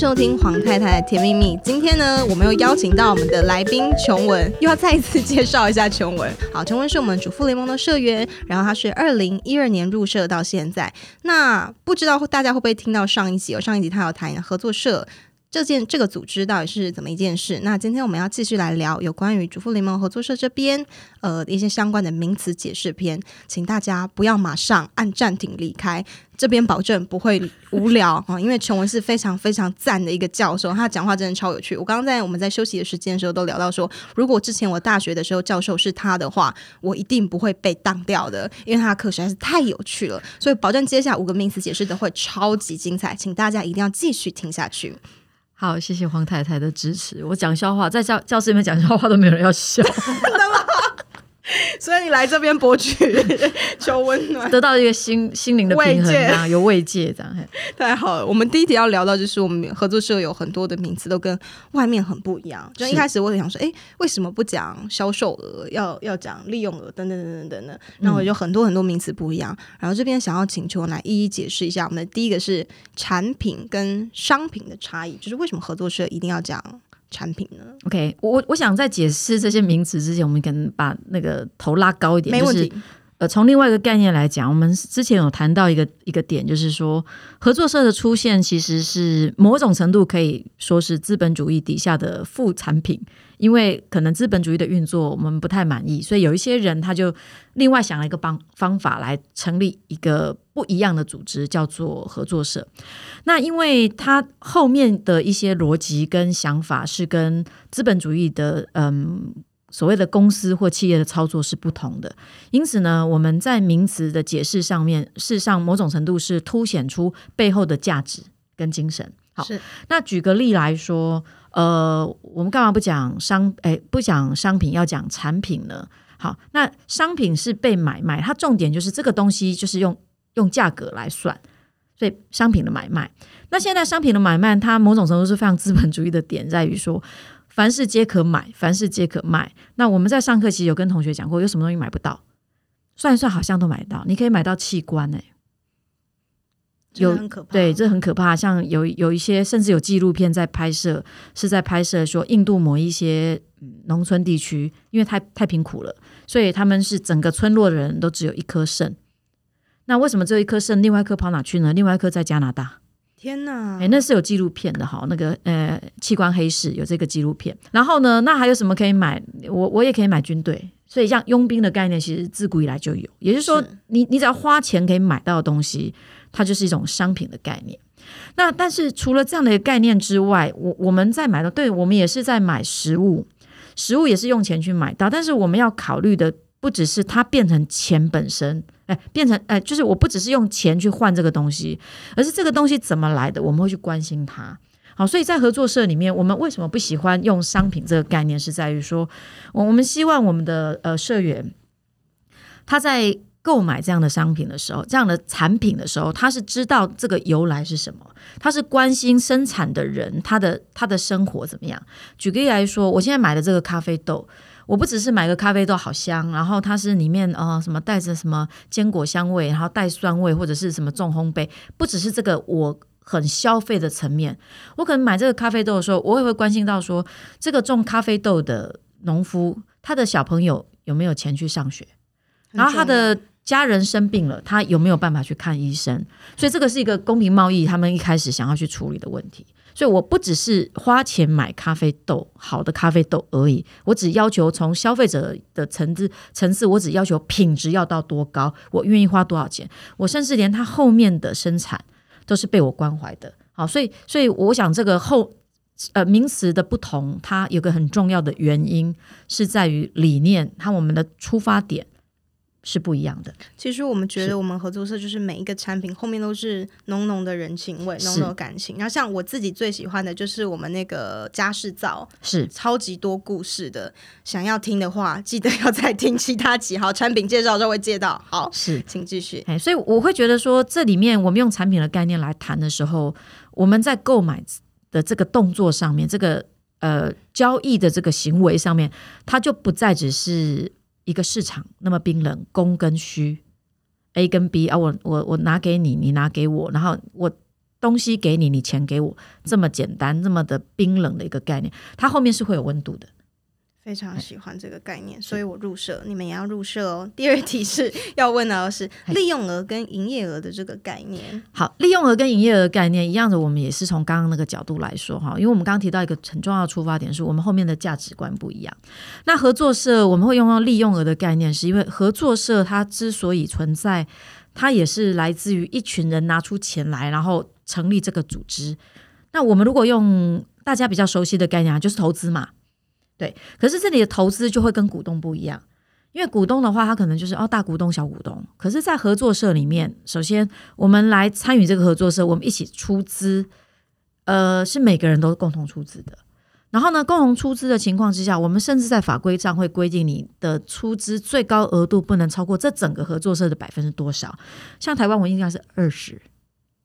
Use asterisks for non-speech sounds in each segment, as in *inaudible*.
收聽黃太太甜蜜蜜。今天呢，我們又邀請到我們的來賓瓊文，又要再一次介紹一下瓊文。好，瓊文是我們主婦聯盟的社員，然後她是二零一二年入社到現在。那不知道大家會不會聽到上一集哦？有上一集她有談合作社。這件這個組織到底是怎麼一件事？那今天我們要繼續來聊有關於主婦聯盟合作社這邊呃一些相關的名詞解釋篇，請大家不要馬上按暫停離開，這邊保證不會無聊啊， *laughs* 因為瓊文是非常非常讚的一個教授，他講話真的超有趣。我剛剛在我們在休息的時間的時候都聊到說，如果之前我大學的時候教授是他的話，我一定不會被當掉的，因為他的課實在是太有趣了。所以保證接下來五個名詞解釋的會超級精彩，請大家一定要繼續聽下去。好，謝謝黃太太的支持。我講笑話，在教教室裡面講笑話都沒有人要笑，真的嗎？所以你來這邊博取求溫暖，得到一個心心靈的平衡慰藉，啊，有慰藉這樣，太好了。我們第一題要聊到就是我們合作社有很多的名詞都跟外面很不一樣。就一開始我也想說，哎、欸，為什麼不講銷售額，要要講利用額等等等等等等。那我就很多很多名詞不一樣。嗯、然後這邊想要請求來一一解釋一下。我們的第一個是產品跟商品的差異，就是為什麼合作社一定要講？產品呢？OK，我我想在解釋這些名詞之前，我們可能把那個頭拉高一點，沒問題。就是呃，從另外一個概念來講，我們之前有談到一個一個點，就是說合作社的出現其實是某種程度可以說是資本主義底下的副產品，因為可能資本主義的運作我們不太滿意，所以有一些人他就另外想了一個方方法來成立一個不一樣的組織，叫做合作社。那因為他後面的一些邏輯跟想法是跟資本主義的，嗯。所謂的公司或企業的操作是不同的，因此呢，我們在名詞的解釋上面，事實上某種程度是凸顯出背後的價值跟精神。好，是，那舉個例來說，呃，我們幹嘛不講商？誒、欸，不講商品，要講產品呢？好，那商品是被買賣，它重點就是這個東西就是用用價格來算，所以商品的買賣。那現在商品的買賣，它某種程度是非常資本主義的點，在於說。凡事皆可買，凡事皆可賣。那我們在上課其實有跟同學講過，有什麼東西買不到？算一算，好像都買得到。你可以買到器官呢、欸？有很可怕，對，這很可怕。像有有一些甚至有紀錄片在拍攝，是在拍攝說印度某一些農村地區，因為太太貧苦了，所以他們是整個村落的人都只有一顆腎。那為什麼這一顆腎，另外一顆跑哪去呢？另外一顆在加拿大。天吶，誒，那是有紀錄片的哈、哦，那個，呃，器官黑市有這個紀錄片。然後呢，那還有什麼可以買？我我也可以買軍隊。所以像傭兵的概念，其實自古以來就有。也就是說你，你你只要花錢可以買到的東西，它就是一種商品的概念。那但是除了這樣的概念之外，我我們在買到，對我們也是在買食物，食物也是用錢去買到。但是我們要考慮的不只是它變成錢本身。哎、欸，變成哎、欸，就是我不只是用錢去換這個東西，而是這個東西怎麼來的，我們會去關心它。好，所以在合作社裡面，我們為什麼不喜歡用商品這個概念？是在於說，我們希望我們的呃社員，他在購買這樣的商品的時候，這樣的產品的時候，他是知道這個由來是什麼，他是關心生產的人，他的他的生活怎麼樣。舉個例來說，我現在買的這個咖啡豆。我不只是買個咖啡豆好香，然後它是裡面啊、呃、什麼帶着什麼堅果香味，然後帶酸味或者是什麼重烘焙，不只是這個我很消費的層面，我可能買這個咖啡豆的時候，我也會關心到說，這個種咖啡豆的農夫他的小朋友有沒有錢去上學，然後他的家人生病了，他有沒有辦法去看醫生，所以這個是一個公平貿易，他們一開始想要去處理的問題。所以我不只是花錢買咖啡豆，好的咖啡豆而已。我只要求從消費者的層次層次，我只要求品質要到多高，我願意花多少錢。我甚至連它後面的生產都是被我關懷的。好，所以所以我想這個後呃，名詞的不同，它有個很重要的原因是在於理念和我們的出發點。是不一樣的。其實我們覺得，我們合作社就是每一個產品後面都是濃濃的人情味、濃濃感情。然後像我自己最喜歡的就是我們那個家事皂，是超級多故事的。想要聽的話，記得要再聽其他幾號產品介紹就會介紹。好，是，請繼續。哎，所以我會覺得說，這裡面我們用產品的概念來談的時候，我們在購買的這個動作上面，這個呃交易的這個行為上面，它就不再只是。一個市場那麼冰冷，供跟需，A 跟 B 啊，我我我拿給你，你拿給我，然後我東西給你，你錢給我，這麼簡單，這麼的冰冷的一個概念，它後面是會有溫度的。非常喜歡這個概念，所以我入社，你們也要入社哦。第二題是要問到的是利用額跟營業額的這個概念。好，利用額跟營業額概念一樣的，我們也是從剛剛那個角度來說哈，因為我們剛剛提到一個很重要的出發點，是我們後面的價值觀不一樣。那合作社我們會用到利用額的概念，是因為合作社它之所以存在，它也是來自於一群人拿出錢來，然後成立這個組織。那我們如果用大家比較熟悉的概念，就是投資嘛。對，可是這裡的投資就會跟股東不一樣，因為股東的話，他可能就是哦大股東、小股東。可是，在合作社裡面，首先我們來參與這個合作社，我們一起出資，呃，是每個人都共同出資的。然後呢，共同出資的情況之下，我們甚至在法規上會規定你的出資最高額度不能超過這整個合作社的百分之多少。像台灣，我印象是二十，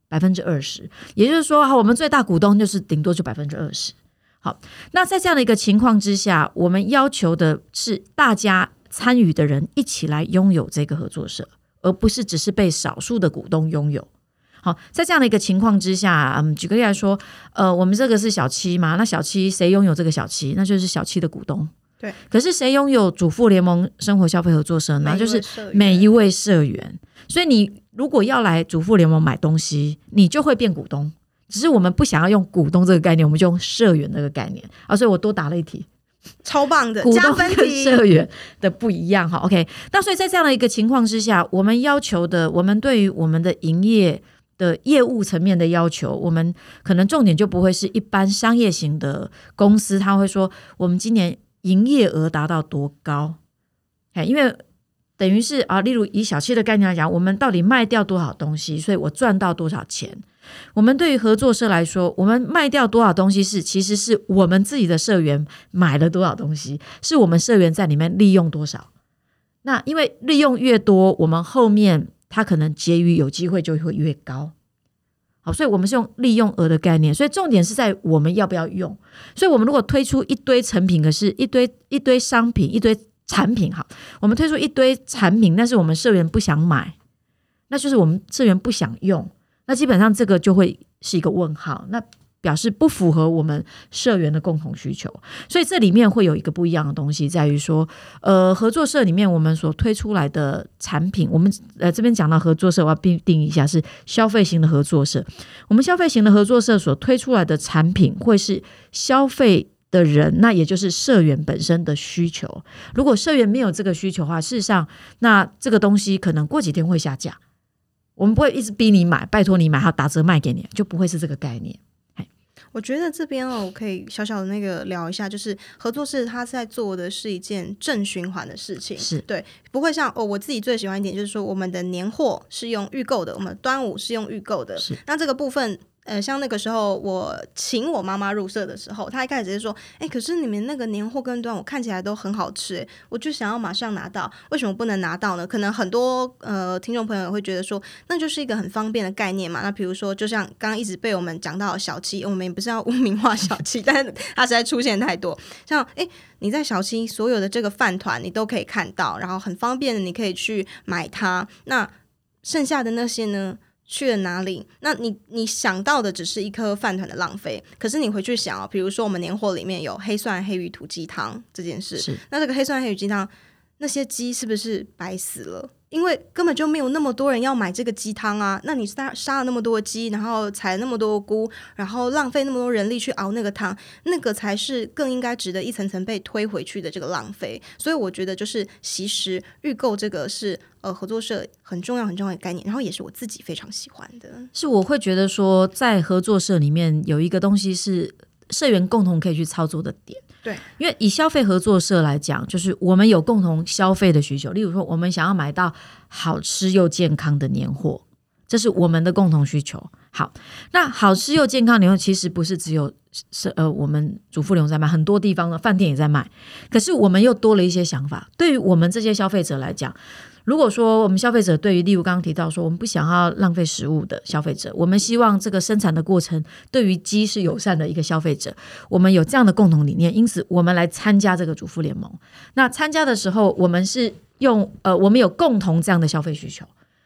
百分之二十。也就是說，我們最大股東就是頂多就百分之二十。好，那在這樣的一個情況之下，我們要求的是大家參與的人一起來擁有這個合作社，而不是只是被少數的股東擁有。好，在這樣的一個情況之下，嗯，舉個例來說，呃，我們這個是小七嘛，那小七誰擁有這個小七？那就是小七的股東。對，可是誰擁有主婦聯盟生活消費合作社呢？就是每一位社員。所以你如果要來主婦聯盟買東西，你就會變股東。只是我們不想要用股東這個概念，我們就用社員那個概念啊，所以我多答了一題，超棒的。股東跟社員的不一樣哈，OK。那所以在這樣的一個情況之下，我們要求的，我們對於我們的營業的業務層面的要求，我們可能重點就不會是一般商業型的公司，他會說我們今年營業額達到多高，Okay, 因為。等於是啊，例如以小七的概念來講，我們到底賣掉多少東西，所以我賺到多少錢？我們對於合作社來說，我們賣掉多少東西是，其實是我們自己的社員買了多少東西，是我們社員在裡面利用多少。那因為利用越多，我們後面他可能結餘有機會就會越高。好，所以我們是用利用額的概念，所以重點是在我們要不要用。所以我們如果推出一堆成品，可是一堆一堆商品，一堆。產品好，我們推出一堆產品，但是我們社員不想買，那就是我們社員不想用，那基本上這個就會是一個問號，那表示不符合我們社員的共同需求，所以這裡面會有一個不一樣的東西，在於說，呃，合作社裡面我們所推出來的產品，我們呃這邊講到合作社，我要定義一下，是消費型的合作社，我們消費型的合作社所推出來的產品會是消費。的人，那也就是社員本身的需求。如果社員沒有這個需求的話，事實上，那這個東西可能過幾天會下架。我們不會一直逼你買，拜託你買，他打折賣給你，就不會是這個概念。我覺得這邊哦，我可以小小的那個聊一下，就是合作社他在做的是一件正循環的事情，是對，不會像哦，我自己最喜歡一點就是說，我們的年貨是用預購的，我們端午是用預購的，是那這個部分。呃，像那個時候我請我媽媽入社的時候，她一開始只是說：“哎，可是你們那個年貨跟端午我看起來都很好吃，我就想要馬上拿到，為什麼不能拿到呢？”可能很多呃聽眾朋友會覺得說，那就是一個很方便的概念嘛。那比如說，就像剛剛一直被我們講到的小七，我們也不是要污名化小七， *laughs* 但是它實在出現太多。像哎，你在小七所有的這個飯糰你都可以看到，然後很方便的你可以去買它。那剩下的那些呢？去了哪裡？那你你想到的只是一顆飯糰的浪費，可是你回去想啊、哦，比如說我們年貨裡面有黑蒜黑魚土雞湯這件事，是，那這個黑蒜黑魚雞湯。那些雞是不是白死了？因為根本就沒有那麼多人要買這個雞湯啊！那你殺殺了那麼多雞，然後採那麼多菇，然後浪費那麼多人力去熬那個湯，那個才是更應該值得一層層被推回去的這個浪費。所以我覺得，就是其實預購這個是呃合作社很重要很重要的概念，然後也是我自己非常喜歡的。是，我會覺得說，在合作社裡面有一個東西是。社員共同可以去操作的點，對，因為以消費合作社來講，就是我們有共同消費的需求。例如說，我們想要買到好吃又健康的年貨，這是我們的共同需求。好，那好吃又健康年貨其實不是只有，是呃，我們主婦聯盟在賣很多地方的飯店也在賣，可是我們又多了一些想法。對於我們這些消費者來講，如果說我們消費者對於例如剛剛提到說，我們不想要浪費食物的消費者，我們希望這個生產的過程對於雞是友善的一個消費者，我們有這樣的共同理念，因此我們來參加這個主婦聯盟。那參加的時候，我們是用呃，我們有共同這樣的消費需求，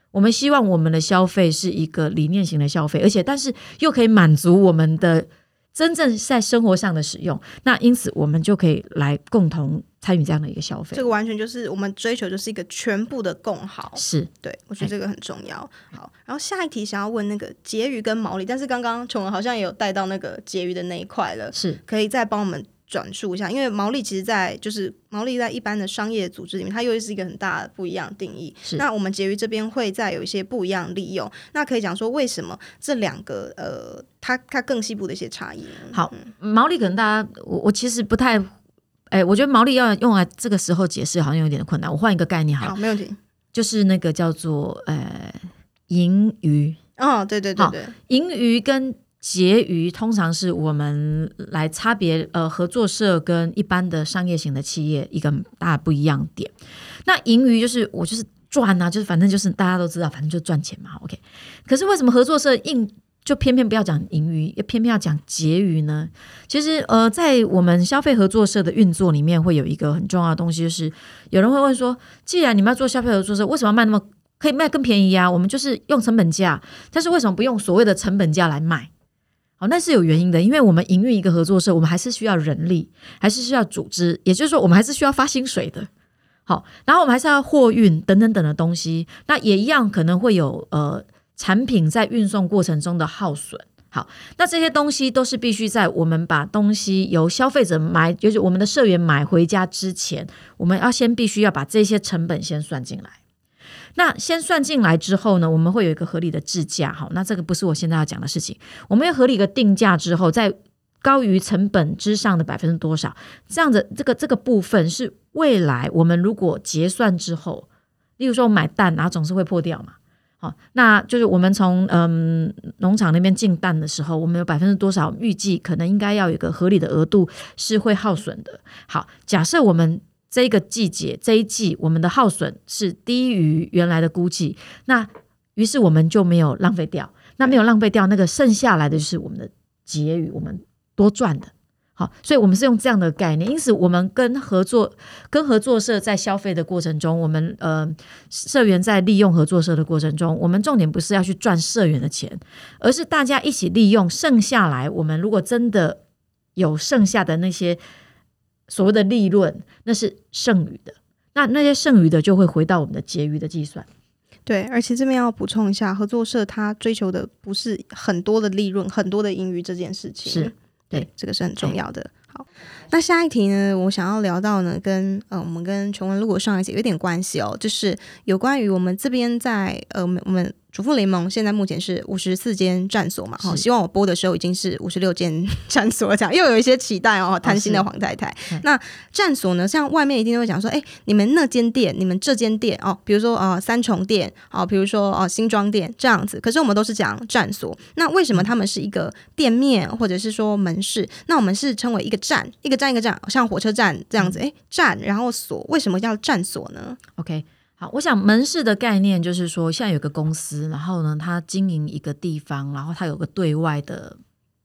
我們希望我們的消費是一個理念型的消費，而且但是又可以滿足我們的。真正在生活上的使用，那因此我們就可以來共同參與這樣的一個消費。這個完全就是我們追求，就是一個全部的共好。是，對，我覺得這個很重要。嗯、好，然後下一題想要問那個結餘跟毛利，但是剛剛瓊文好像也有帶到那個結餘的那一塊了，是，可以再幫我們。轉述一下，因為毛利其實在，在就是毛利在一般的商業組織裡面，它又是一個很大的不一樣的定義。是，那我們結餘這邊會再有一些不一樣利用。那可以講說，為什麼這兩個呃，它它更細部的一些差異？好，嗯、毛利可能大家我我其實不太哎、欸，我覺得毛利要用來這個時候解釋，好像有點困難。我換一個概念好了，好，沒有問題，就是那個叫做呃盈餘。哦，對對對對，哦、盈餘跟結餘通常是我們來差別呃，合作社跟一般的商業型的企業一個大不一樣點。那盈餘就是我就是賺啊，就是反正就是大家都知道，反正就是賺錢嘛。OK，可是為什麼合作社硬就偏偏不要講盈餘，也偏偏要講結餘呢？其實呃，在我們消費合作社的運作裡面，會有一個很重要的東西，就是有人會問說，既然你們要做消費合作社，為什麼賣那麼可以賣更便宜啊？我們就是用成本價，但是為什麼不用所謂的成本價來賣？好，哦，那是有原因的，因為我們營運一個合作社，我們還是需要人力，還是需要組織，也就是說，我們還是需要發薪水的。好，然後我們還是要貨運等等等等的東西，那也一樣可能會有呃產品在運送過程中的耗損。好，那這些東西都是必須在我們把東西由消費者買，就是我們的社員買回家之前，我們要先必須要把這些成本先算進來。那先算進來之後呢，我們會有一個合理的製價，好，那這個不是我現在要講的事情。我們要合理的定價之後，在高於成本之上的百分之多少，這樣子這個這個部分是未來我們如果結算之後，例如說我買蛋，然後總是會破掉嘛，好，那就是我們從嗯農場那邊進蛋的時候，我們有百分之多少預計可能應該要有一個合理的額度是會耗損的。好，假設我們。這個季節，這一季我們的耗損是低於原來的估計，那於是我們就沒有浪費掉，那沒有浪費掉，那個剩下來的就是我們的結餘，我們多賺的。好，所以我們是用這樣的概念，因此我們跟合作、跟合作社在消費的過程中，我們呃社員在利用合作社的過程中，我們重點不是要去賺社員的錢，而是大家一起利用剩下來，我們如果真的有剩下的那些。所謂的利潤，那是剩餘的，那那些剩餘的就會回到我們的結餘的計算。對，而且這邊要補充一下，合作社它追求的不是很多的利潤，很多的盈餘這件事情。對，這個是很重要的。好，那下一題呢，我想要聊到呢，跟呃，我們跟瓊文如果上一次有點關係哦，就是有關於我們這邊在呃，我們。主婦聯盟現在目前是五十四間站所嘛，好、哦，希望我播的時候已經是五十六間站所，這樣又有一些期待哦，貪心的黃太太。哦、那站所呢？像外面一定都會講說，哎、欸，你們那間店，你們這間店哦，比如說啊、呃、三重店，哦，比如說哦、呃、新莊店這樣子。可是我們都是講站所，那為什麼他們是一個店面或者是說門市？那我們是稱為一個站，一個站一個站，像火車站這樣子，哎、嗯欸，站，然後所，為什麼叫站所呢？OK。好，我想門市的概念就是說，現在有個公司，然後呢，它經營一個地方，然後它有個對外的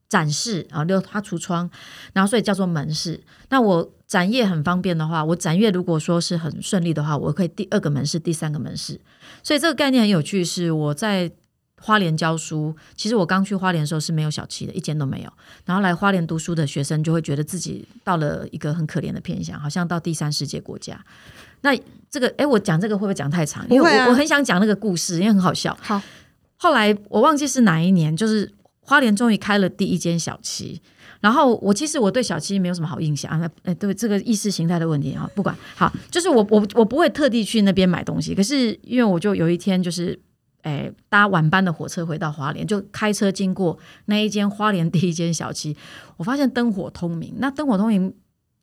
展示，然後六它櫥窗，然後所以叫做門市。那我展業很方便的話，我展業如果說是很順利的話，我可以第二個門市，第三個門市。所以這個概念很有趣是，是我在花蓮教書。其實我剛去花蓮的時候是沒有小七的，一間都沒有。然後來花蓮讀書的學生就會覺得自己到了一個很可憐的偏鄉，好像到第三世界國家。那這個，哎，我講這個會不會講太長？因為我我很想講那個故事，啊，因為很好笑。好，後來我忘記是哪一年，就是花蓮終於開了第一間小七。然後我其實我對小七沒有什麼好印象啊，哎，對這個意識形態的問題啊，不管。好，就是我我我不會特地去那邊買東西，可是因為我就有一天就是，誒，搭晚班的火車回到花蓮，就開車經過那一間花蓮第一間小七，我發現燈火通明。那燈火通明。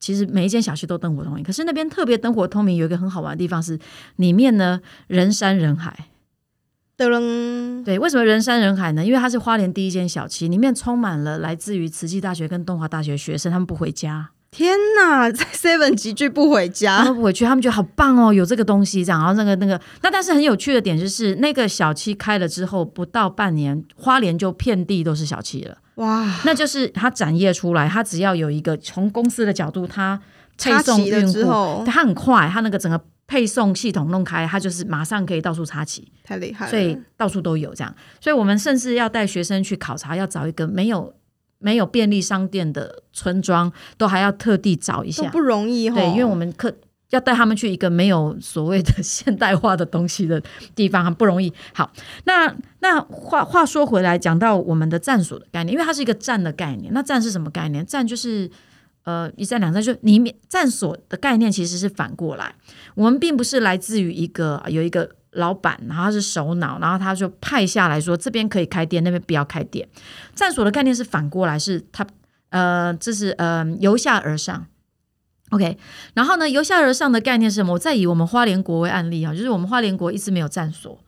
其實每一間小七都燈火通明，可是那邊特別燈火通明。有一個很好玩的地方是，裡面呢，人山人海噔噔。對，為什麼人山人海呢？因為它是花蓮第一間小七，裡面充滿了來自於慈濟大學跟東華大學學生，他們不回家。天哪，在 Seven 集聚不回家，他們不回去，他們覺得好棒哦，有這個東西這樣。然後那個、那個、那個，那但是很有趣的點就是，那個小七開了之後，不到半年，花蓮就遍地都是小七了。哇，那就是他展業出來，他只要有一個從公司的角度，他配送用戶，他很快，他那個整個配送系統弄開，他就是馬上可以到處插旗，太厲害了！所以到處都有這樣，所以我們甚至要帶學生去考察，要找一個沒有沒有便利商店的村莊，都還要特地找一下，不容易哦，對，因為我們課。要帶他們去一個沒有所謂的現代化的東西的地方很不容易。好，那那話話說回來，講到我們的站所的概念，因為它是一個站的概念。那站是什麼概念？站就是呃一站兩站，就你站所的概念其實是反過來。我們並不是來自於一個有一個老板，然後他是首腦，然後他就派下來說這邊可以開店，那邊不要開店。站所的概念是反過來，是他呃這、就是嗯、呃、由下而上。OK，然後呢？由下而上的概念是什麼？我再以我們花蓮國為案例啊，就是我們花蓮國一直沒有站所。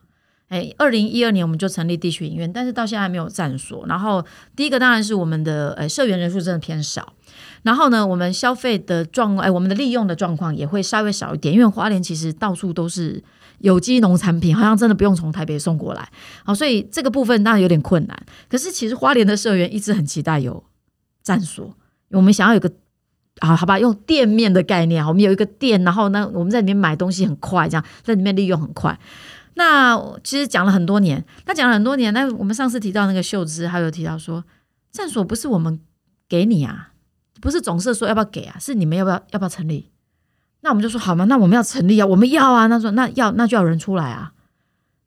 哎，二零一二年我們就成立地區影院，但是到現在還沒有站所。然後第一個當然是我們的呃社員人數真的偏少，然後呢，我們消費的狀況，哎，我們的利用的狀況也會稍微少一點，因為花蓮其實到處都是有機農產品，好像真的不用從台北送過來。好、哦，所以這個部分當然有點困難。可是其實花蓮的社員一直很期待有站所，我們想要有個。啊，好吧，用店面的概念，我們有一個店，然後呢，我們在裡面買東西很快，這樣在裡面利用很快。那其實講了很多年，他講了很多年。那我們上次提到那個秀芝，他有提到說，站所不是我們給你啊，不是總社說要不要給啊，是你們要不要、要不要成立？那我們就說好嗎？那我們要成立啊，我們要啊。他說那要、那就要有人出來啊。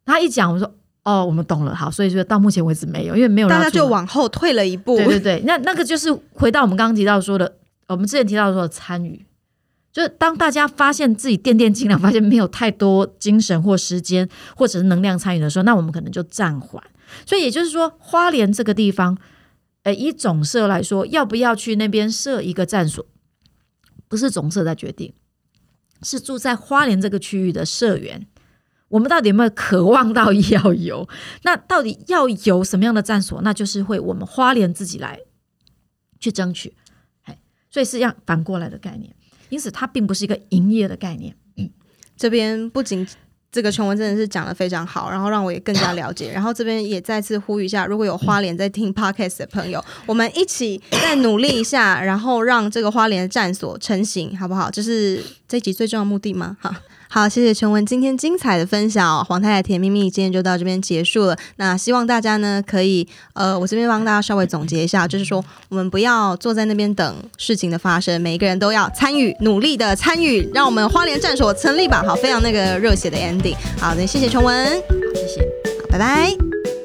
他一講，我說哦，我們懂了。好，所以說到目前為止沒有，因為沒有人出來，人，大家就往後退了一步。對對對，那那個就是回到我們剛剛提到說的。我們之前提到說參與，就是當大家發現自己掂掂斤兩，發現沒有太多精神或時間，或者是能量參與的時候，那我們可能就暫緩。所以也就是說，花蓮這個地方，呃，以總社來說，要不要去那邊設一個站所，不是總社在決定，是住在花蓮這個區域的社員，我們到底有沒有渴望到要有？那到底要有什麼樣的站所？那就是會我們花蓮自己來去爭取。所以是一樣反過來的概念，因此它並不是一個營業的概念。嗯、這邊不僅這個瓊文真的是講得非常好，然後讓我也更加了解， *coughs* 然後這邊也再次呼籲一下，如果有花蓮在聽 Podcast 的朋友，我們一起再努力一下，然後讓這個花蓮的站所成型，好不好？這、就是這集最重要的目的嗎？好。好，謝謝瓊文今天精彩的分享哦，黃太太甜蜜蜜，今天就到這邊結束了。那希望大家呢可以，呃，我這邊幫大家稍微總結一下，就是說我們不要坐在那邊等事情的發生，每一個人都要參與，努力的參與，讓我們花蓮站所成立吧。好，非常那個熱血的 ending。好的，謝謝瓊文，好，謝謝，好，拜拜。